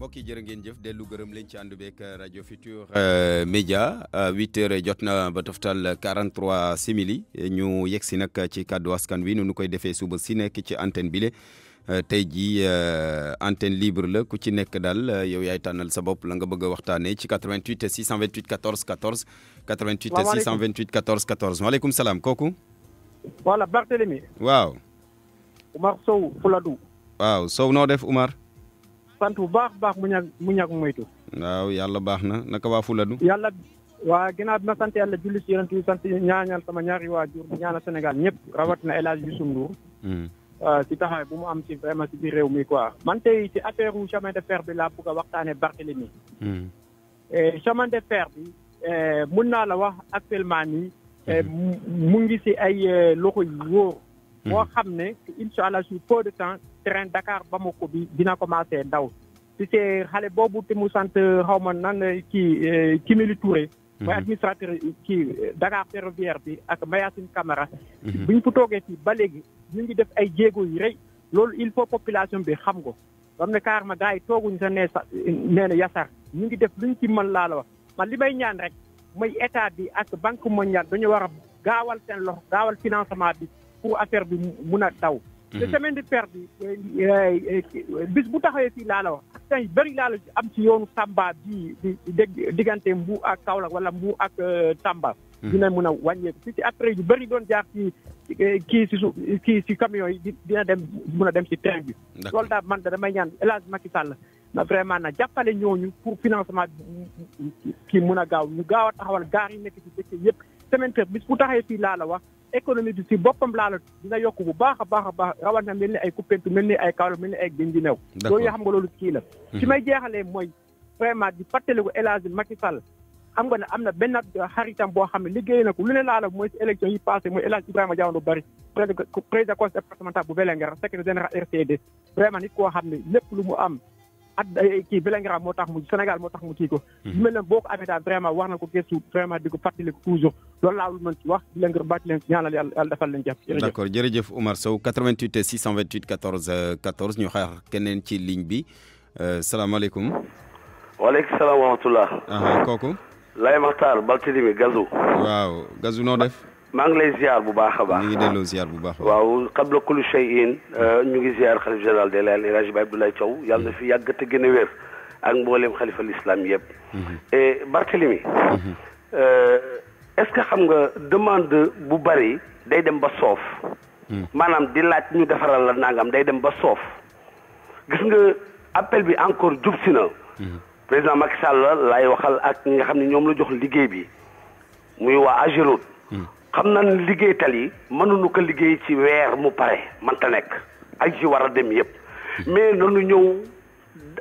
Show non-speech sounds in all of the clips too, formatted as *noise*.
mbokk yi jërë ngeen jëf dellu gërëm leen ci ànd beeg rajo Futur euh, Média 8h euh, jot na ba toftal 43 simili ñu yegg si nag ci kàddu askan wi nu nu koy defee suba si nekk ci antenne bile. Euh, tey jii antenne libre la ku ci nekk daal yow yaay tànnal sa bopp la nga bëgg a waxtaanee ci 88 628 14 14. 88 628 14 14 maaleykum salaam kooku. voilà Barthélémy. waaw. Oumar Sow noo def Oumar. sant bu baax baax mu ñàkk mu ñàkk moytu. waaw yàlla baax na naka waa Fuladu. yàlla waa ginnaaw bi ma sant yàlla julli si yonent bi sant ñaanal sama ñaari waajur ñaanal Sénégal ñëpp rawatina El Hadj Youssou Ndour. si hmm. ah, taxawaay bu mu am si vraiment si biir réew mi quoi. man tey ci affaire wu chemin de fer bi laa bëgg a waxtaanee Barthélemy. Hmm. Eh, chemin de fer bi eh, mun naa la wax actuellement nii. Eh, hmm. mu ngi si ay loxo yu wóor. boo xam ne incha allah su peu de temps train Dakar Bamako bi dina commencé daw si c'est xale boobu te mu sant xaw ma nan kii euh, Kimeli Touré mhm. mooy administrateur kii Dakar ferroviaire bi ak Mayacine Camara mhm. bu ñu fu toogee fii ba léegi ñu ngi def ay jéego yu rëy loolu il faut population bi xam ko xam ne carrément gars yi tooguñu sa nee sa nee na yasar ñu ngi def luñ ci mën laa la wax man li may ñaan rek mooy état bi ak banque mondiale dañu war a gaawal seen loxo gaawal financement bi pour affaire bi mun a daw te semaine mhm. de perte euh, euh, bis bu taxawee fii laa la wax askan yu bëri laa la am ci yoonu Tamba bii di dégg diggante Mbour ak Kaolack wala Mbour ak euh, Tamba. Mhm. dina mën a wàññeeku si si après yu bëri doon jaar ci kii si su kii si camion yi dina dem mën a dem si train bi. loolu daal man damay ñaan El Hadj Macky Sall na vraiment na jàppale ñooñu pour financement kii mën a gaaw ñu gaaw a taxawal gaar yi nekk si dëkk yëpp semaine perte bis bu taxawee fii laa la wax. économie bi si boppam laa na dina yokk bu baax a baax a baax rawat na mel ni ay Koupentoum mel ni ay Kaolack mel ni ay Guinguinéo loolu yoo xam nga loolu kii la ci mhm. may jeexalee mooy vraiment di fàttaliku El Hadji Macky Sall xam nga ne am na benn xaritam boo xam ne liggéey na ko lu ne laa la mooy si élection yi passé mooy El Hadji Ibrahima Diaw lu bari président conseil départemental bu Vélingara secrétaire général RCD vraiment nit koo xam ne lépp lu mu am Eh, ki belengra motax mu Sénégal motax mu kii ko. lu mhm. mel ne boo ko amee vraiment war ko gëstu vraiment di ko fàttali ko toujours loolu laa mën ci wax di lengra gërëm len ñaanal yalla yalla defal len jàpp. d'accord d' accord jërëjëf Oumar Sow 88 628 14 14 ñu xaar kenen ci ligne bi euh, salaamaaleykum. waaleykum salaam wa rahmatulah. koku Lay Maxtaar Baltidimi Gazu. waaw Gazu no def. ماعن زيار بو باخا باخا ني ديلو زيار بو باخا واو قبل كل شيء نيغي زيار خليفه جلال ديال الاله راجب عبد الله تشاو يالنا في يغت غينا وير اك مبولم خليفه الاسلام ياب اي باركليمي اا اسكو خمغا دوموند بو باري داي ديم با سوف مانام دي لات ني دفرال لا نانغام داي ديم با سوف غيسغا ابل بي انكور جوبسينا بريزيدان ماكسال لاي وخال اك نيغا خامني نيوم لا جوخ ليغي بي موي وا اجيروت xam na ne liggéey tali mënuñu ko liggéey ci weer mu pare manta nekk ak ji war a dem yëpp mais nanu ñëw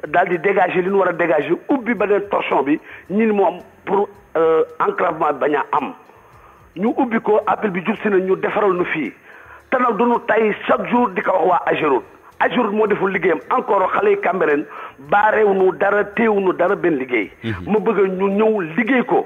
daal di dégager li ñu war a dégager ubbi beneen torsion bi ñin moom pour euh, enclavement bañ a am ñu ubbi ko appel bi jub si na ñu defaral nu fii te nag du ñu tay chaque jour di ko wax waa Ageroute Ageroute moo deful liggéeyam encore xale yi Cambérène baareew nu dara téew nu dara benn liggéey. ma mhm. bëgg ñu ñëw liggéey ko.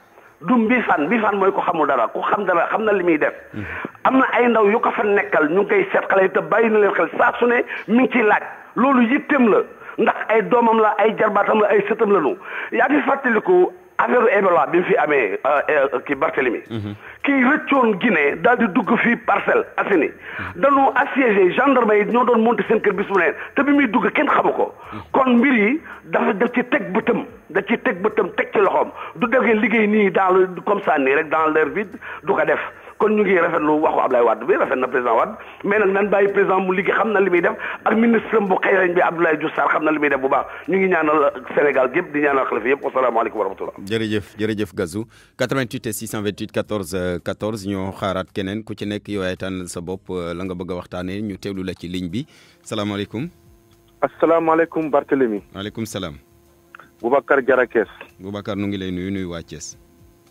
du mbifaan mbifaan mooy ko xamul dara ku xam dara xam na li muy def am na ay ndaw yu ko fa nekkal ñu ngi koy seet xale yi te bàyyi na leen xel saa su ne mu ngi ciy laaj loolu yitteem la ndax ay doomam la ay jarbaatam la ay sëtam la ñu yaa ngi fàttaliku affaire Ebola bi mu fi amee euh, euh, ki Barthélemy mhm. kii rëccoon Guinée daal di dugg fii Parcelles Assainies dañu assiégé gendarme yi ñoo doon monté seen kër bi mu ne te bi muy dugg kenn xamu ko kon mbir yi dafa def ci teg bëtëm da ci teg bëtëm teg ci loxoom du def liggéey nii dans le comme ça nii rek dans leur vide du ko def kon ñu ngi rafetlu waxu Abdoulaye Wade bi rafet na président Wade mais nag nan bàyyi président mu liggéey xam na li muy def ak ministre bu xëy bi Abdoulaye Diouf xam na li muy def bu baax ñu ngi ñaanal Sénégal gépp di ñaanal xalifa yëpp asalaamaaleykum wa rahmatullah jërëjëf jërëjëf Gazou 88 et 628 14 14 ñoo xaaraat keneen ku ci nekk yow yaay tànnal sa bopp euh, la nga bëgg a waxtaanee ñu teewlu la ci ligne bi salaamaaleykum asalaamaaleykum Barthélémy waaleykum salaam Boubacar Jara Kees Boubacar nu ngi lay nuyu nuyu waa Thiès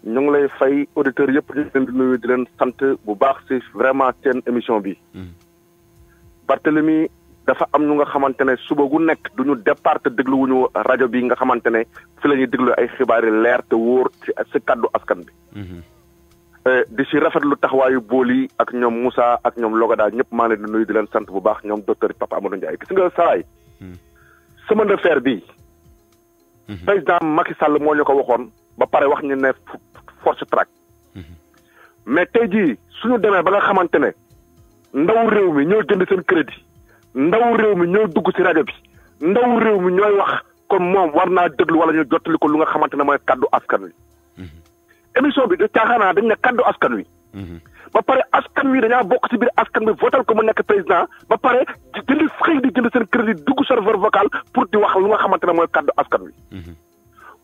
ñu ngi lay fay auditeurs yëpp di leen di nuyu di leen sant bu baax si vraiment seen émission bi. Hmm. Barthélemy dafa am ñu nga xamante ne suba gu nekk du ñu départ dégluwuñu rajo bi nga xamante ne fi la ñuy déglu ay xibaar yi leer te wóor ci si kàddu askan bi. Hmm. Eh, di ci si rafetlu taxawaayu bool yi ak ñoom Moussa ak ñoom Logada ñëpp maa ngi leen di nuyu di leen sant bu baax ñoom docteur Papa Amadou Ndiaye gis nga Saraay. chemin hmm. de fer bi. président Macky Sall moo ñu ko waxoon ba pare wax force track mais tey jii suñu demee ba nga xamante ne ndaw réew mi ñoo jënd seen crédit ndaw réew mi ñoo dugg ci rajo bi ndaw réew mi ñooy wax kon moom war naa déglu wala ñu jottali ko lu nga xamante ne mooy kàddu askan wi émission bi da caaxaanaa ah, dañ ne kaddu askan wi ba pare askan wi dañaa bokk ci biir askan bi votal ko mu nekk président ba pare jënd xëy di jënd seen crédit dugg serveur vocal pour di wax lu nga xamante ne mooy kàddu askan wi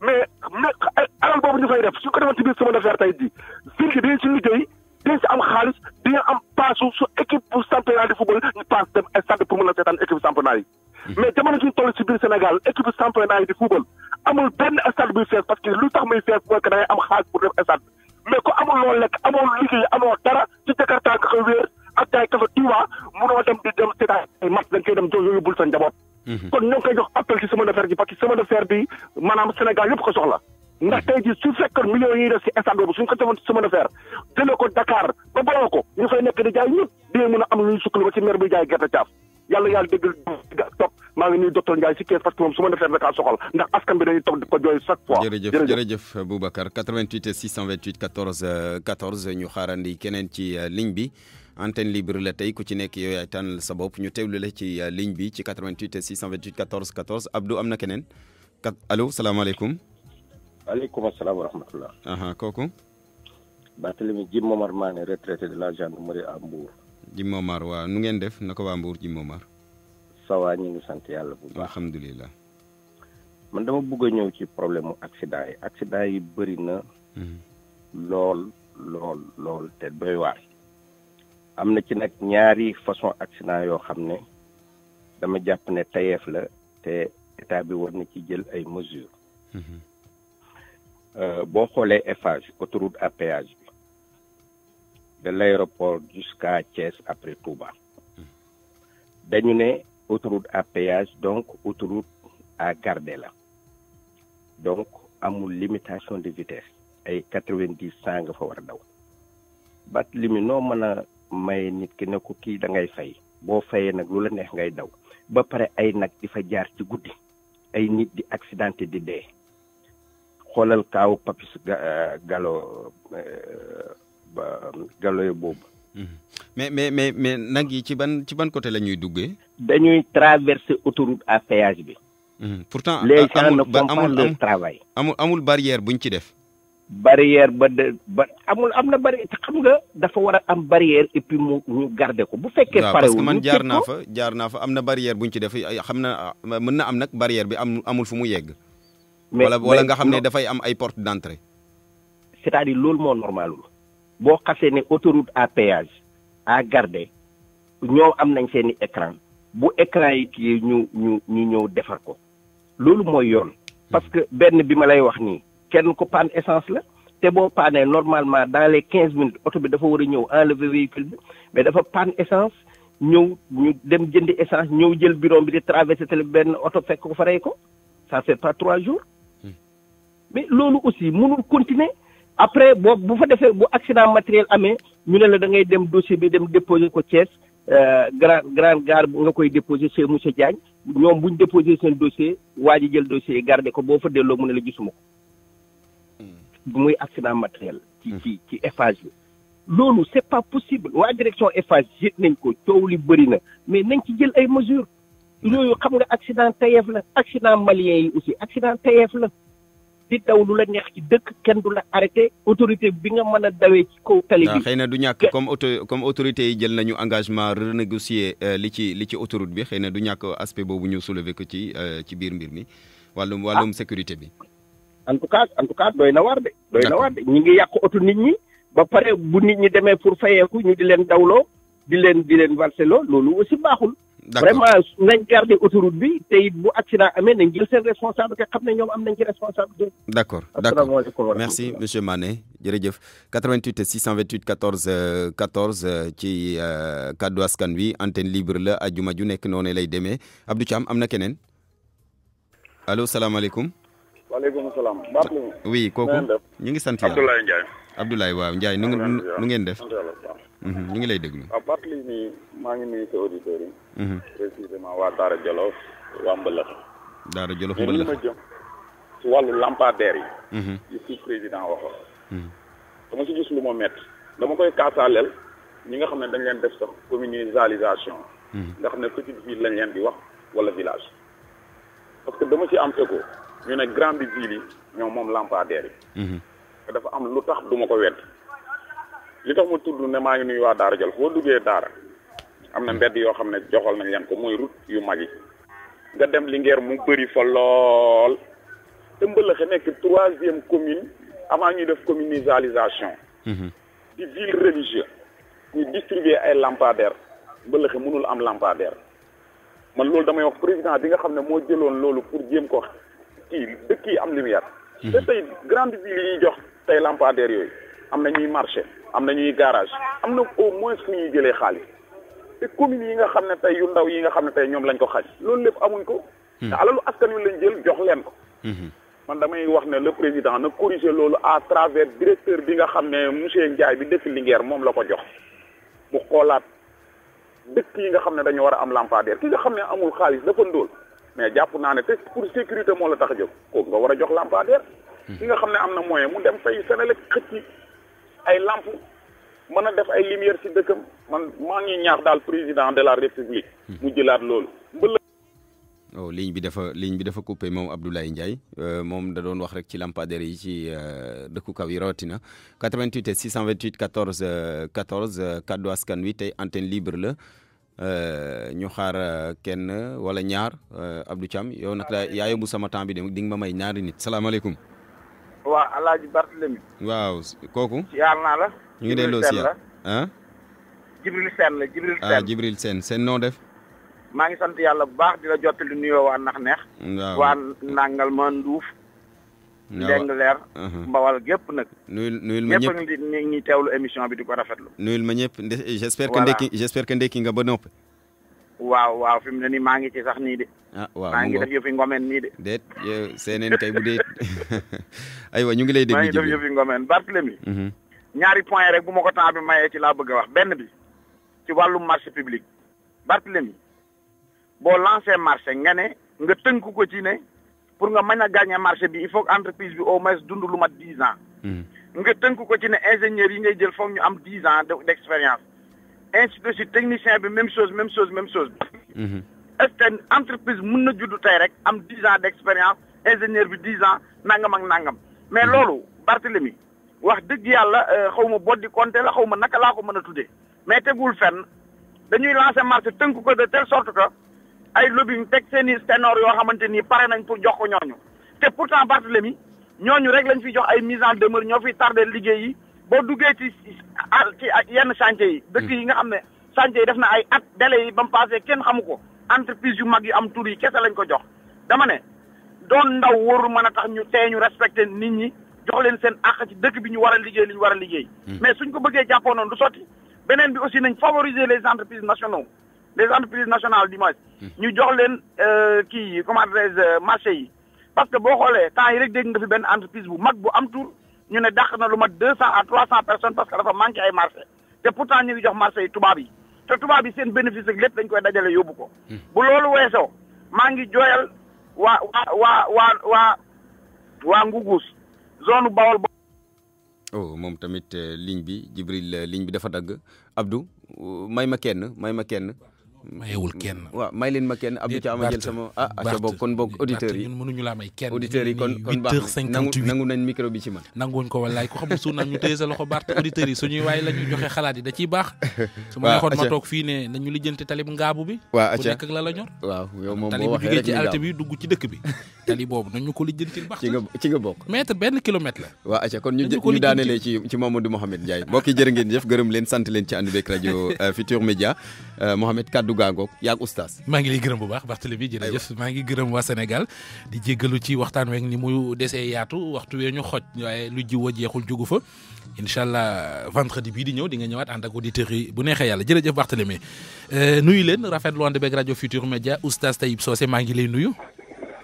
mais mais alal boobu ñu fay def su ko defoon ci biir sama affaire tey jii ville bi dañ si liggéey dañ si am xaalis dañ am paasu su équipe bu championnat de football ñu paas dem stade pour mën a seetaan équipe championnat hmm. di football amul benn stade buy fees parce que lu tax muy fees mooy que da ngay am xaalis pour def stade mais ko amul loo lekk amoo liggéey amoo dara ci Jakarta nga koy wéer ak jaay kafe Touba munoo dem di dem seetaan ay match sa njaboot. Mhm. kon ñoo koy jox appel ci sama affaire fer bi parce que sama affaire bi manam Sénégal yépp ko soxla ndax tay ji su fekkoon millions yi def ci état bobu suñ ko defoon semaine de fer jële ko Dakar ba boole ko ñu fay nekk di jaay ñëpp di mëna am lu ñu sukkali ba ci maire buy jaay gerte caaf yalla yalla déggal top ma ngi nuyu docteur ndjay ci kees parce que mom suma affaire fer soxal ndax askan bi dañuy top ko joy chaque fois jërëjëf jërëjëf Boubacar 88 628 14 14 ñu xaarandi keneen ci euh, ligne bi antenne libre la tey ku ci nekk yow yaay tànnal sa bopp ñu teewlu la ci euh, ligne bi ci 88 628 14 14 Abdou am na keneen kat allo salaamaaleykum. waaleykum salaam wa rahmatulah. kooku. Barthélemy Jim Momar Mané retraité de la gendarmerie à Mbour. Jim Momar waaw nu ngeen def na ko waa Mbour Jim Momar. sawaa ñu ngi sant yàlla bu baax alhamdulilah. man dama bugg a ñëw ci problème mu accident yi accident yi bëri na. Mhm. lool lool lool te doy waar. am na ci nag ñaari façon accident yoo xam ne dama jàpp ne tayeef la te état bi war na ci jël ay mesures mhm. euh, boo xoolee Eiffage autoroute à péage bi de l'aéroport jusqu'à Thiès après Touba mhm. dañu ne autoroute à péage donc autoroute à garder la donc amul limitation de vitesse ay 90 vingt nga fa war a daw bat limi noo mën a may nit ki ne ko kii da ngay fay boo fayee nag lu la neex ngay daw ba pare ay nag di fa jaar ci guddi ay nit di accidenté di dee xoolal kaaw papis galo euh, galo euh, boobu mm-hmm. mais mais mais mais nag yi ci ban ci ban côté la ñuy duggee dañuy traverser autoroute à péage bi mm-hmm. pourtant les gens ne font pas leur travail amul amul barrière buñ ci def barrière ba de ba amul am na bari xam nga dafa war a am barrière et puis mu ñu ko bu fekkee pare wu man jaar naa fa jaar naa fa am na barrière bu ñu ci def xam na ah, mën na am nag barrière bi am amul fu mu yegg wala wala nga xam ne dafay am ay porte d'entrée c'est-à-dire loolu moo normalul boo xasee ne autoroute à péage à garder ñoom am nañ seen i écran bu écran yi kii ñu ñu ñu ñëw defar ko loolu mooy yoon parce hmm. que benn bi ma lay wax nii kenn ko panne essence la te boo panne normalement dans les quinze minutes oto bi dafa war a ñëw enlever véhicule bi mais dafa panne essence ñëw ñu dem jëndi essence ñëw jël bureau bi di traverser tali benn oto fekk ko fa rey ko ça fait pas trois jours hmm. mais loolu aussi mënul continuer après bo bu fa defee bu accident matériel amee ñu ne la da ngay dem dossier bi dem déposer ko Thiès euh, grand grand gare nga koy déposer chez monsieur Diagne ñoom bu déposer seen dossier waa ji jël dossier garder ko boo fa delloo mu ne la gisuma ko bu muy accident matériel. ci hmm. ci ci Eiffage bi. loolu c' pas possible wa direction Eiffage yëg nañ ko coow li bëri na mais nañ ci jël ay mesures. yooyu xam nga accident tayef la accident malien yi aussi accident tayef la. di daw lu la neex ci dëkk kenn du la arrêté autorité bi nga mën a dawee ci kaw tali bi. xëy na du ñàkk comme auto comme autorité yi jël nañu engagement renégocier euh, li ci li ci autoroute bi xëy na du ñàkk aspect boobu ñu soulever ko ci euh, ci biir mbir mi. wàllum wàllum ah. sécurité bi en tout cas en tout cas doyna na waar de. doy na de ngi yàq oto nit ñi. ba paré bu nit ñi démé pour fayeeku ñu di leen dawlo di leen di leen varseloo lolu aussi baxul vraiment nañ garder autoroute bi té it bu accident amé nañ jël seen responsable xam xamné ñom am nañ ci responsable d'accord d'accord merci monsieur Mané jërëjëf 88 628 14 14 ci euh, kaddu askan wi antenne libre la ma ju nek noonu lay démé Abdou cham amna kenen. keneen allo alaykoum waaleykum salaam. oui kooku ñu ngi sant yàlla Abdoulaye Ndiaye. Abdoulaye waaw Ndiaye nu ngeen nu ngeen def. Mhm, ñu ngi lay déglu. waaw ah, fàttali nii maa ngi nuyu sa yi. Mhm. précisément waa Daara Jolof waa Mbëlëx. Daara Jolof Mbëlëx si wàllu lampadaire yi. yu mhm. si président dama si gis lu ma métti. dama koy kaasaaleel ñi nga xam ne dañ leen def sax communalisation. nga xam ne petite leen di wax wala village. parce que dama ci am écho. ñu ne grande ville yi ñoom moom lampadaire yi. Mhm. dafa am lu tax du ko wedd li tax ma tudd ne maa ngi nuyu waa Daara jël boo duggee Daara am na mbedd yoo xam ne joxal nañ leen ko mooy route yu mag yi. nga dem Linguère mu bëri fa lool te Mbëlëxe nekk troisième commune avant ñuy def communalisation. Mhm. di ville religieuse ñu distribuer ay lampadaire Mbëlëxe mënul am lampadaire man loolu damay wax président bi nga xam ne moo jëloon loolu pour jéem ko kii yi dëkk yi am lumière. Mhm. te tey grande ville yi ñuy jox tey lampadaires yooyu am na ñuy marché am na ñuy garage am na au moins fu ñuy jëlee xaalis te communes yi nga xam ne tey yu ndaw yi nga xam ne tey ñoom lañ ko xaj loolu lépp amuñ ko. Mhm. te alalu askan wi lañ jël jox leen ko. Mhm. man damay wax ne le président na corriger loolu à travers directeur bi nga xam ne monsieur Ndiaye bi dëkk Linguère moom la ko jox mu xoolaat dëkk yi nga xam ne dañu war a am lampadaire ki nga xam ne amul xaalis dafa ndóol. mais jàpp naa ne te pour sécurité moo la tax a jóg nga war a jox lampadaire. ki nga xam ne am na moyen mu dem fay Senelec xëcc ay lamp mën def ay lumière ci dëkkam man maa ngi ñaax daal président de la république. mu jëlaat loolu. oh ligne bi defa ligne bi dafa coupé moom Abdoulaye Ndiaye euh, moom da doon wax rek ci lampadaire yi ci euh, dëkku kaw yi rawatina 88 et 628 14 14 kaddu askan wi tey antenne libre la. Euh, ñu xaar euh, kenn euh, wala ñaar Abdou Thiam yow nag yaa yóbbu sama temps bi dem di ma may ñaari nit salaamaaleykum. waaw El Hadj Barthélemy. waaw kooku. siyaar naa la. ñu ngi delloo siyaar ah. Jibril Sène la Jibril ah, Sène Jibril Sène seen noo def. maa ngi sant yàlla bu baax di jottali nuyoo waa Nax Neex. waaw waa Nangal ma Nduuf. ndeng leer mbawal gépp nag nuyul nuyul ma ñëpp ñëpp ñi ñi émission bi di ko rafetlu nuyul ma ñëpp j'espère que ndekki j'espère que ndekki nga ba noppi waaw waaw fi mu ne nii maa ngi ci sax nii de ah waaw maa ngi def yëfi ngomen nii de déet seeneen tey bu dee *laughs* aywa ñu ngi lay dégg maa ngi def ñaari point rek bu ma ko temps bi mayee ci laa bëgg a wax benn bi ci wàllu marché public Barthélemy boo lancé marché nga ne nga tënk ko ci ne pour nga mëna gagner marché bi il faut que entreprise bi au moins dund lu mat 10 ans hmm. nga tënku ko ci ne ingénieur yi ngay jël foog ñu am 10 ans d'expérience ainsi de suite technicien bi même chose même chose même chose hmm. est ce que entreprise mën na judd rek am 10 ans d'expérience ingénieur bi 10 ans nangam ak nangam mais hmm. loolu Barthélemy wax dëgg yàlla euh, xaw ma boddi compté la xaw ma naka laa ko mën a tuddee mais teguwul fenn dañuy lancer marché tënku ko de telle sorte que ay lobby teg seeni i ténor yoo xamante nii pare nañ pour jox ko ñooñu te pourtant Barthélemy ñooñu rek lañu fi jox ay mise en demeure ñoo fi tardé liggéey yi boo duggee ci ci yenn chantier yi. dëkk yi nga xam ne chantier yi def na ay at délai yi ba mu passé kenn xamu ko entreprise yu mag yu am tur yi kese lañ ko jox. dama ne doon ndaw warul mën a tax ñu tee ñu respecté nit ñi jox leen seen àq ci dëkk bi ñu war a liggéey li ñu war a liggéey. Hmm. mais suñ ko bëggee jàppoo noonu du beneen bi aussi nañ favoriser les entreprises nationales. les entreprises nationales du moins hmm. ñu jox leen euh, kii yi comment dirais euh, yi parce que boo xoolee temps yi rek dégg nga fi benn entreprise bu mag bu am tur ñu ne dàq na lu ma deux cent a trois cent personnes parce que dafa manqué ay marché te pourtant ñu ngi jox marché yi tubaab yi te tubaab yi seen bénéfice ak lépp dañ koy dajale yóbbu ko hmm. bu loolu weesoo maa ngi jooyal waa waa waa waa waa waa nguguus zone bawol oh moom tamit euh, ligne bi Jibril ligne bi dafa dagg Abdou may ma kenn may ma kenn mayewul kenn. waaw may leen ma kenn Abdou Thiam a jël sama. ah aca ah, kon bokk auditeurs yi ñun mënuñu laa may kenn. auditeurs yi kon kon nangu nañ micro ci man. nanguwuñ ko wallaay ko xamul suuna ñu téye sa loxo Bart auditeurs yi suñuy waay la ñu joxe xalaat yi *laughs* nañu lijjanti talib ngaabu bi. waaw aca ku nekk ak ci àll bi dugg ci dëkk bi. *laughs* tali boobu nañu ko lijjantil baax. ci nga bokk. mètre benn kilomètre la. aca kon ñu ñu ci ci Mamadou Mouhamed Ndiaye mbokk yi jëf gërëm leen sant leen ci ànd gaa ngoog yaag oustaz maa ngi lay gërëm bu baax Barthélémy jërëjëf maa ngi gërëm waa Sénégal di jéggalu ci waxtaan week ni mu desee yaatu waxtu wee ñu xoj waaye lu jiw a jeexul jugu fa incha allah vendredi bii di ñëw di nga ñëwaat ànd ak auditeurs yi bu neexee yàlla jërëjëf Barthélémy euh, nuyu leen rafetlu ànd beeg rajo Futur Média oustaz Taïb Socé maa ngi lay nuyu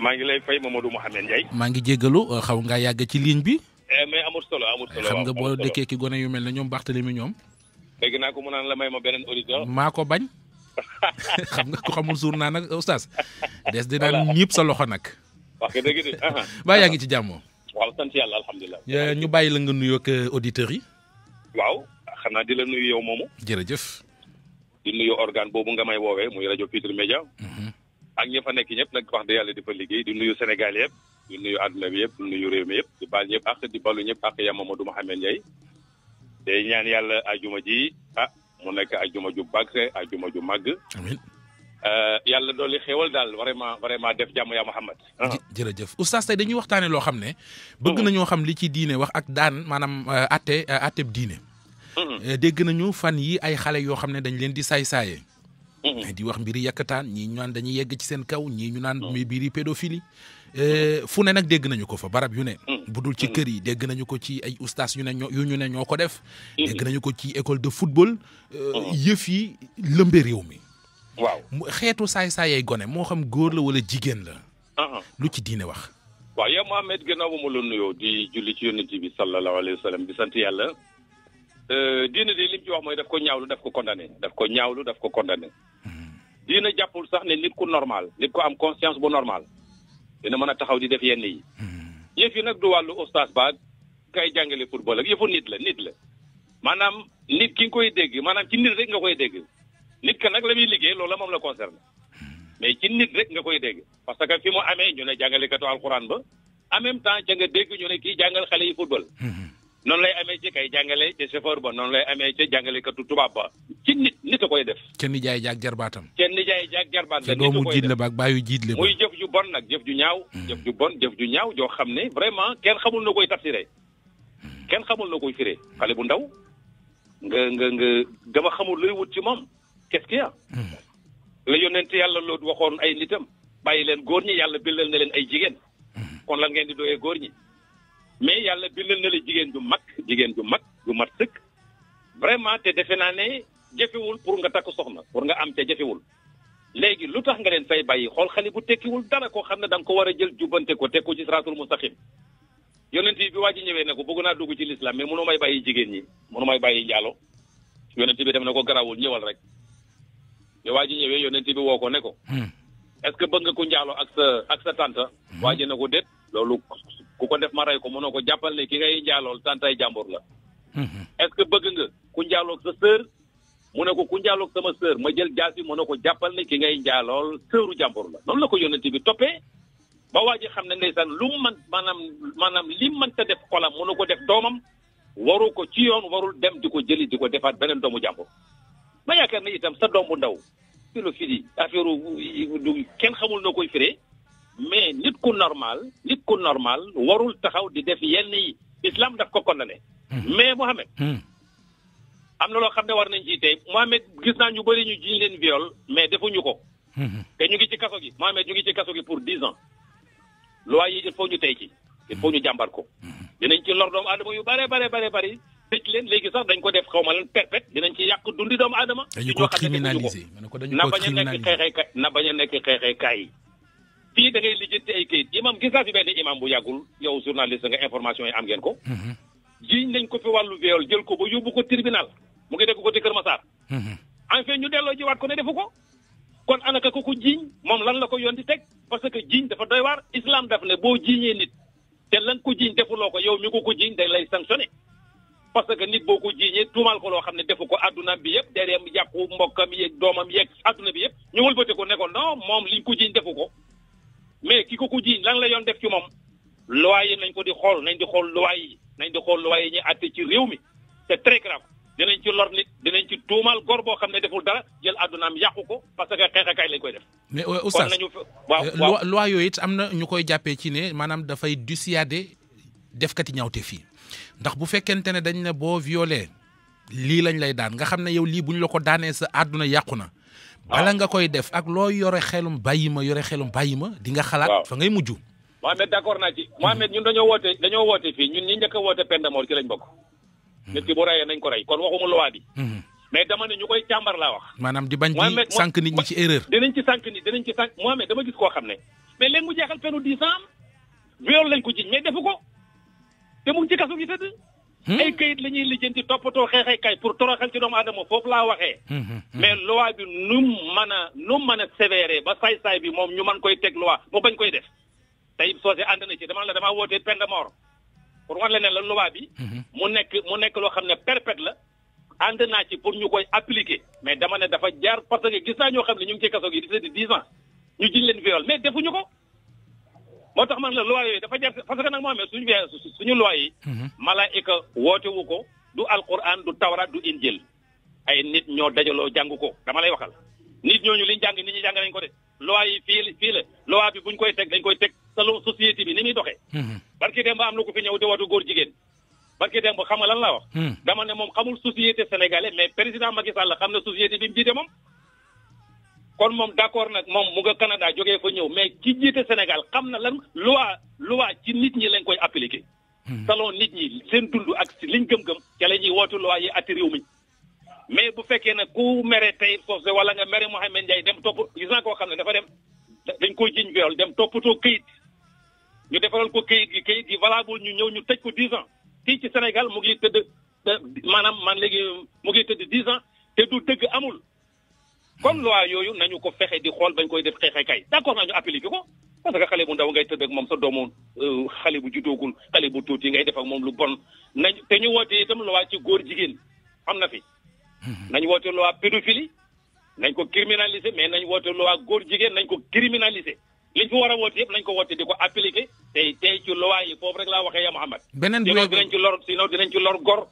maa ngi lay fay Mamadou Mouhamed Ndiaye maa ngi jéggalu euh, xaw ngaa yàgg ci ligne bi eh, mais amul solo amul solo xam nga boo dëkkee ki gone yu mel ne ñoom Barthélémy ñoom dégg naa ko mu naan la may ma beneen auditeur maa bañ *laughs* xam nga ko xamul jour naa nag oustaz des di naan ñëpp sa loxo nag wax dëgg de *laughs* ba yaa ngi ci jàmm waaw sant yàlla alhamdulilah ya, ñu bàyyi la nga nuyoo ak euh, auditeur yi waaw xanaa di la nuyu yow moomu jërëjëf di nuyu organe boobu nga may woowee muy rajo Futurs Médias mhm. ak ñi fa nekk ñëpp nag wax dëgg yàlla di fa liggéey di nuyu Sénégal yëpp di nuyu àdduna bi yëpp di nuyu réew mi yëpp di baal ñëpp ak di balu ñëpp ak ya Mamadou Mohamed Ndiaye day ñaan yàlla ajuma ji ah mu nekk ajuma ju bagse ajuma ju màgg amiin euh, yàlla dooli xéewal daal vraiment vraiment def jàmm yaa Mouhamed. Ah. jërëjëf oustaz tey dañuy waxtaanee loo xam ne. bëgg nañoo xam li ci diine wax ak daan maanaam euh, atte euh, atteb diine. dégg nañu fan yi ay xale yoo xam ne dañ leen di saay-saaye. di wax mbiri yàkkataan ñii ñu naan dañuy yegg ci seen kaw ñii ñu naan mbiri pédophilie. Eh, fu ne nag dégg nañu ko fa barab yu ne. Mm. bu dul ci mm. kër yi dégg nañu ko ci ay ustaas yu ne ñoo yu ñu ne ñoo ko def. Mm. dégg nañu ko ci école de football. Eh, yëf yi lëmbe réew mi. waaw xeetu saay-saayay gone moo xam góor la wala jigéen la. Uh-huh. lu ci diine wax. waaw yow amee gannaaw ba ma la nuyoo di julli ci yonent bi sallallahu alayhi wa sallam bi sant yàlla. Eh, diine di lim ci wax mooy daf ko ñaawlu daf ko condamné daf ko ñaawlu daf ko condamné. Hmm. diine jàppul sax ne nit ku normal nit ku am conscience bu normal. dina mën a taxaw di def yenn yi. Hmm. yëf yi nag du wàllu ostaas ba kay jàngale football ak yëfu nit la nit la maanaam nit ki nga koy dégg maanaam ci nit rek nga koy dégg nit ka nag la muy liggéey loolu moom la concerné hmm. mais ci nit rek nga koy dégg parce que fi mu amee ñu ne jàngalekatu alxuraan ba en même temps ca nga dégg ñu ne kii jàngal xale yi football. Hmm. noonu lay amee ci kay jàngale ca chauffeur ba noonu lay amee ca jàngalekatu tubaab ba ci nit nit a koy def. ca nijaay jaag jarbaatam. ca nijaay jaag jarbaat la nit a koy def doomu jiit la ba ak baayu jiit la ba. muy jëf ju bon nag jëf ju ñaaw. Hmm. jëf bon jëf ju ñaaw joo xam ne vraiment kenn xamul na koy tafsiree hmm. kenn xamul na koy firee xale bu ndaw nga nga nga dama xamul luy wut ci moom qu'est-ce qu'il y a. Hmm. la yàlla loolu waxoon ay nitam bàyyi leen góor ñi yàlla bindal na leen ay jigéen kon mais yàlla bindal na la jigéen ju mag jigéen ju mag ju mat sëkk vraiment te defe naa ne jafewul pour nga takk soxna pour nga am te jafewul léegi lu tax nga leen fay bàyyi xool xale bu tekkiwul dara koo xam ne da nga ko war a jël jubbante ko teg ko ci mu mustaqim yonent bi waa ji ñëwee ne ko bëgg naa dugg ci lislaam mais mënu may bàyyi jigéen ñi mënu may bàyyi njaalo yonent bi dem na ko garawul ñëwal rek mais waa ji ñëwee yonent bi woo ko ne ko hmm. est-ce bëgg nga ko njaalo ak sa ak sa tante hmm. waa ji ko déet loolu ku ko def ma rey ko mënoo ko jàppal ne ki ngay njaalool tantay jàmbur la mhm. est-ce que bëgg nga ku njaaloog sa sœur mu ne ko ku njaaloog sama sœur ma jël jaas bi mu ne ko jàppal ne ki ngay njaalool sœuru jàmbur la noonu la ko yónnent bi toppee ba waa ji xam ne ndeysaan lu man maanaam maanaam li mënta def xolam mënu ko def doomam waru ko ci yoon warul dem di ko jëli di ko defaat beneen doomu jàmbur ma yaakaar ne itam sa doom bu ndaw filo fidi affaire du kenn xamul noo koy firee mais nit ku normal nit ku normal warul taxaw di def yenn yi islam daf ko condamné hmm. mais Mohamed hmm. am na loo xam ne war nañ ci tey Mohamed gis naa ñu bëri ñu jiñ leen viol mais ñu ko hmm. te ñu ngi ci kaso gi Mohamed ñu ngi ci kaso gi pour dix ans loi yi il faut ñu tey ci il ñu jàmbar ko dinañ ci lor doomu aadama yu bare bare bare bëri tëj leen léegi sax dañ ko def xaw ma leen perpète dinañ ci yàq dundi doomu aadama dañu ko criminaliser na bañ a nekk xeexeekaay na bañ a nekk xeexeekaay yi fii da ngay lijjanti ay kayit imam gis naa fi benn imam bu yàggul yow journaliste nga information yi am ngeen ko. Mhm. jiiñ lañ ko fi wàllu jël ko ba yóbbu ko tribunal mu ngi dégg ko ci Kër Massar. Mhm. en fait ñu delloo waat ko ne defu ko. kon anaka ko ko jiiñ moom lan la ko yoon di teg parce que jiiñ dafa doy waar islam daf ne boo jiiñee nit te lan ko jiiñ defuloo ko yow mi ko ko jiiñ day lay sanctionné. parce que nit boo ko jiiñee tuumaal ko loo xam ne defu ko adduna bi yëpp dereem yàqu mbokkam yeeg doomam yeeg adduna bi yëpp ñu wëlbati ko ne ko moom liñ ko jiiñ defu ko mais ki ko ko jiiñ lan la yoon def ci mom loi yi nañ ko di xol nañ di xol loi yi nañ di xol loi yi ñu àtte ci réew mi c'est très grave dinañ ci lor nit dinañ ci tuumaal gor bo xam deful dara jël àddunaam yàqu ko parce que xeex akaay lañ koy def. mais euh, oustaz euh, loi yooyu it am na ñu koy jàppee ci ne maanaam dafay dissuader defkati ñaawte fii ndax bu fekkente ne dañ ne boo violé lii lañ lay daan nga xam ne yow lii buñ la ko daanee sa àdduna yàqu na. bala nga koy def ak loo yore xelum bàyyi ma yore xelum bàyyi ma di nga xalaat fa ngay mujj Mohamed d'accord naa ci Mohamed ñun dañoo woote dañoo woote fii ñun ñi njëkk woote peine ci lañ bokk hmm. nit bu rayee nañ ko rey kon waxuma loi bi hmm. mais dama ne ñu koy càmbar laa wax maanaam di bañ di sànq nit ñi ci erreur dinañ ci sànq nit dinañ ci sànq Mohamed dama gis koo xam ne mais léegi mu jeexal peine dix ans viol lañ ko jiñ mais defu ko te mu ci Hmm? ay kayit la ñuy lijjanti toppatoo xeexee kay pour toroxal ci doomu aadama foofu laa waxee. Hmm, hmm, mais loi bi nu man a nu mën a sévéré ba saay-saay bi moom ñu man koy teg loi mu bañ koy def tey soo see ànd na ci dama la damaa wootee peine de mort pour wan la ne la loi bi. mu nekk mu nekk loo xam ne perpète la. ànd naa ci pour ñu koy appliquer mais dama ne dafa jaar parce que gis naa ñoo xam ne ñu ngi ci kaso gi di dix ans ñu jiñ leen viol mais defuñu ko. moo tax man la loi yooyu dafa jar parce que nag moo amee suñu suñu loi yi. Mhm. malaayika woote wu ko du alquran du tawraat du injil ay nit ñoo dajaloo jàng ko dama lay waxal nit ñooñu liñ jàng nit ñi jàng nañ ko de loi yi fii fii la loi bi buñ koy teg dañ koy teg selon société bi ni muy doxee. Mhm. barki dem ba am na ko fi ñëw te watu góor jigéen barki dem ba xam lan laa wax. Mhm. dama ne moom xamul société sénégalais mais président Macky la xam na société bi mu moom. kon moom d'accord nag moom mu nga Canada jógee fa ñëw mais ki jiite Sénégal xam na lan loi loi ci nit ñi lañ koy appliquer. Hmm. selon nit ñi seen dund ak si liñ gëm-gëm ca la ñuy wootu loi yi atti réew mi. mais bu fekkee nag ku mere tey Socé wala nga mere Mouhamed Ndiaye dem topp gis naa koo xam ne dafa dem dañ koy jiñ viol dem toppatoo këyit ñu defaral ko këyit gi këyit gi valable ñu ñëw ñu tëj ko 10 ans fii ci Sénégal mu ngi tëdd maanaam man léegi mu ngi tëdd te du dëgg amul. kon loi yooyu nañu ko fexe di xool bañ koy def xeexe kay d'accord naa ñu appliqué ko parce que xale bu ndaw ngay tëdd ak moom sa doomu euh, xale bu juddoogul xale bu tuuti ngay def ak moom lu bon nañ te ñu woote itam loi ci góor jigéen am na fi. Hmm. nañ woote loi pédophilie nañ ko criminaliser mais nañ woote loi góor jigéen nañ ko criminaliser liñ fi war a woote yëpp nañ ko woote di ko appliqué tey tey ci loi yi foofu rek laa waxee ya Mouhamad. beneen bi dinañ ci lor sinon dinañ ci lor gor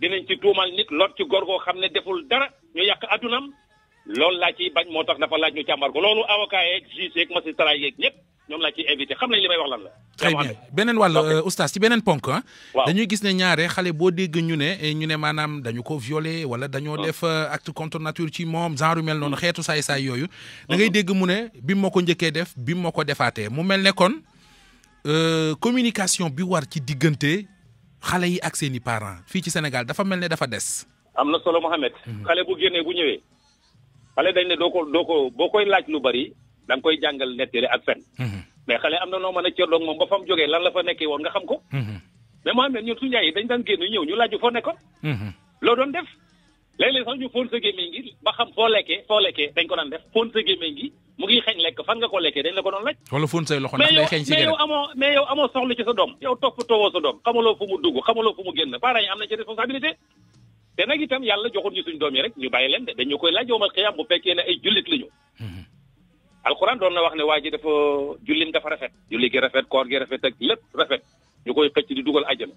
dinañ ci tuumal nit lor ci gor goo xam ne deful dara ñu yàq adunam loolu laa ci bañ moo tax dafa laaj ñu càmbar ko loolu avocat yeeg juge yeeg magistrat yeeg ñëpp ñoom laa ci invité xam nañ li may wax lan la. très bien beneen wàll euh, oustaz ci beneen ponk ah. dañuy gis ne ñaare xale boo dégg ñu ne eh, ñu ne maanaam dañu ko violé wala dañoo ah. def euh, acte contre nature ci moom genre mel noonu mm. xeetu saay-saay yooyu. da ngay mm-hmm. dégg mu ne bi moo ko njëkkee def bi moo ko defaatee mu mel ne kon euh, communication bi war ci diggante xale yi ak seen i parents fii ci Sénégal dafa mel ne dafa des. am na solo Mohamed. Mm-hmm. xale bu génnee bu ñëwee. xale dañ ne doo ko doo ko boo koy laaj lu bari da nga koy jàngal nettali ak fen mhm. mais xale am na noo mën a cër doog moom ba fa jógee lan la fa nekkee woon nga xam ko mhm. mais Mohamed ñun yi dañ daan génn ñëw ñu laaj foo nekkoon mhm. loo doon def léeg-léeg def fóon sa gémmiñ gi lekk fan nga ko lekkee dañ la ko doon laaj wala fóon say loxo ndax day xeeñ si mais yow amoo mais yow amoo soxla ci sa doom yow toppatoo sa doom xamaloo fu mu dugg xamaloo fu mu génn parents yi am na ci responsabilité te nag itam yàlla joxoon ñu suñu doom yi rek ñu bàyyi leen de dañu koy laaj yowmal xiyaam bu fekkee ne ay jullit lañu. Mhm. alxuraan doon na wax ne waa ji dafa jullim dafa rafet. julli gi rafet koor gi rafet ak lépp rafet ñu koy xëcc di dugal àjjana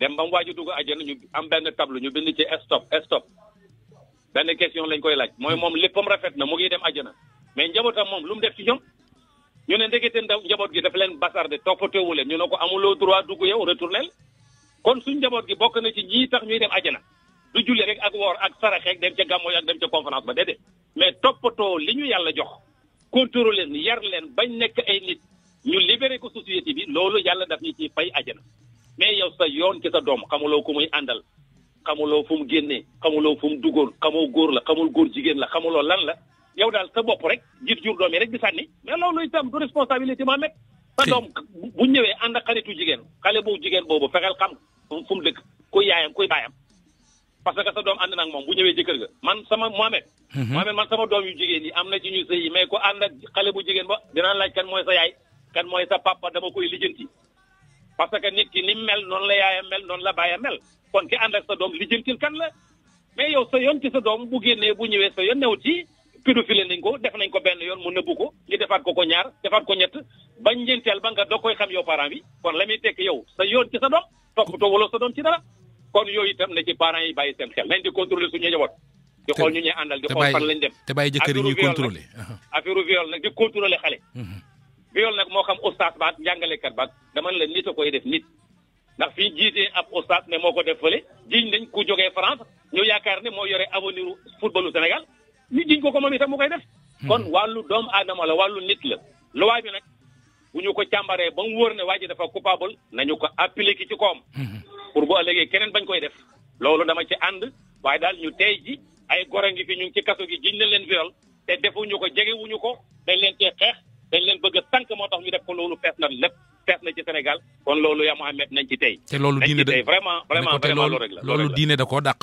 dem ba mu waa ji dugal àjjana ñu am benn tableau ñu bind ci stop stop benn question lañ koy laaj mooy moom léppam rafet na mu ngi dem àjjana mais njabootam moom lu mu def ci ñoom ñu ne ndekete ndaw njaboot gi dafa leen basarde toppatoowu leen ñu ne ko amuloo droit dugg yow retournel kon suñ njaboot gi bokk na ci ñii tax ñuy dem àjjana du julli rek ak woor ak sarax rek dem ca gàmmoo ak dem ca conférence ba de mais toppatoo li ñu yàlla jox contrôler leen yar leen bañ nekk ay nit ñu libéré ko société bi loolu yàlla daf ñu ciy fay ajana mais yow sa yoon ci sa doom xamuloo ku muy àndal xamuloo fu mu génnee xamuloo fu mu duggoon xamoo góor la xamul góor jigéen la xamuloo lan la yow daal sa bopp rek jiit jur doom yi rek di sànni mais loolu itam du responsabilité ma met sa doom bu ñëwee ànd ak xaritu jigéen xale bu jigéen boobu fexeel xam fu mu dëkk kuy yaayam kuy baayam parce que sa doom ànd na ak moom bu ñëwee ci kër ga man sama Mohamed. Mhm. Mohamed man sama doom yu jigéen yi am na ci ñu sëy yi mais ko ànd ak xale bu jigéen ba dinaa laaj kan mooy sa yaay kan mooy sa papa dama koy lijjanti. parce que nit ki ni mel noonu la yaayam mel noonu la baayam mel kon ki ànd ak sa doom lijjantil kan la mais yow sa yoon ci sa doom bu génnee bu ñëwee sa yoon new ci pédophile nañ ko def nañ ko benn yoon mu nëbbu ko ñu defaat ko ko ñaar defaat ko ñett bañ ñeenteel ba nga doo koy xam yow parent bi kon la muy tekk yow sa yoon ci sa doom kon yooyu tam na ci parents yi bàyyi seen xel nañ di contrôler suñu njaboot di xool ñu ñuy àndal di xool fan lañ dem te bàyyi jëkkër yi ñuy contrôler affaire viol nag di contrôler xale mhm. viol nag moo xam oustaz baat njàngalekat baat dama la nit a koy def nit ndax fii jiitee ab oustaz ne moo ko def fële jiñ nañ ku jógee France ñu yaakaar ne moo yore avenir footballu Sénégal ñu jiñ ko ko moom itam mu koy def mhm. kon wàllu doomu aadama la wallu nit la loi bi nag bu ñu ko càmbaree ba mu wóor ne waa ji dafa coupable nañu ko appliquer ci koom mhm. pour bu ëllëgee keneen bañ koy def loolu dama ci ànd waaye daal ñu tey ji ay gora ngi fi ñu ngi ci kaso gi jiñ leen leen viol te defuñu ko jegewuñu ko dañ leen cee xeex dañ leen bëgg a tànk moo tax ñu def ko loolu fees na lépp fees na ci Sénégal kon loolu yaa met nañ ci tey. te loolu diine da vraiment vraiment vraiment loolu rek la loolu diine da koo dàq.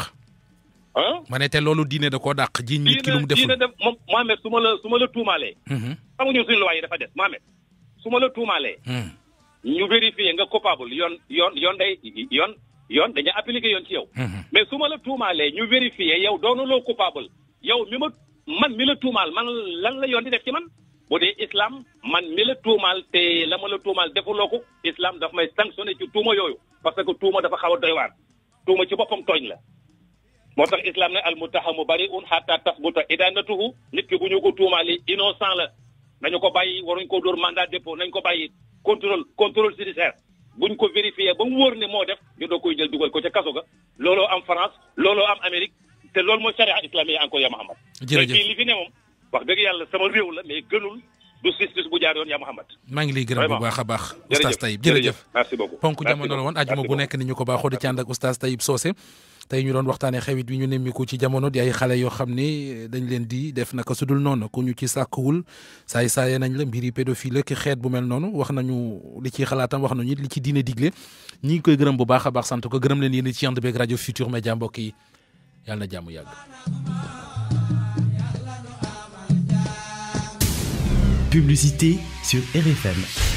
ah ma ne te loolu diine da koo dàq jiñ nit ki lu mu deful diine da moom Mohamed su ma la su ma la tuumaalee. Mhm. xamuñu suñu luwaay yi dafa des Mohamed su ma la tuumaalee. Mhm. ñu vérifier nga coupable yoon yoon yoon day yoon yoon dañu appliquer yoon ci yow mm-hmm. mais su ma la tuumaalee ñu vérifier eh, yow doonuloo coupable yow mi ma man mi la tuumaal man lan la yoon di def ci man bu dee islam man mi la tuumaal te la ma la tuumaal defuloo ko islam daf may sanctionné ci tuuma yooyu parce que tuuma dafa xaw a doy waar tuuma ci boppam tooñ la moo tax islam ne almutahamu bari un xataa tasbuta idanatuhu nit ki bu ñu ko tuumaali innocent la nañu ko bàyyi waruñ ko dóor mandat dépôt nañ ko bàyyi contrôle contrôle judiciaire buñ ko vérifié ba mu wóor ne moo def ñu doo koy jël dugal ko ca kaso ga looloo am France looloo am Amérique te loolu mooy charia islamique encore yaa Muhammad. jërëjëf kii li fi ne moom wax dëgg yàlla sama réew la mais gënul. du sis sis bu jaar yoon yaa Mouhamad maa ngi lay gërëm bu baax a baax oustaz Tayib jërëjëf merci beaucoup ponk jamono ajuma bu nekk ni ñu ko baaxoo di ci ànd ak oustaz Tayib Socé tay ñu doon waxtaanee xewit bi ñu nemmiku ci jamono di ay xale yoo xam ne eh, dañ leen di def naka su dul noonu ku ñu ci sàkkuwul saay saaye nañ la mbiri pédophile ki xeet bu mel noonu wax nañu li ci xalaatam wax nañu li ci diine digle ñi ngi koy gërëm bu baax a baax sant ko gërëm leen yéen ci ànd beeg radio Futur Média mbokk yi yàlla na jàmm yàgg. Publicité sur RFM.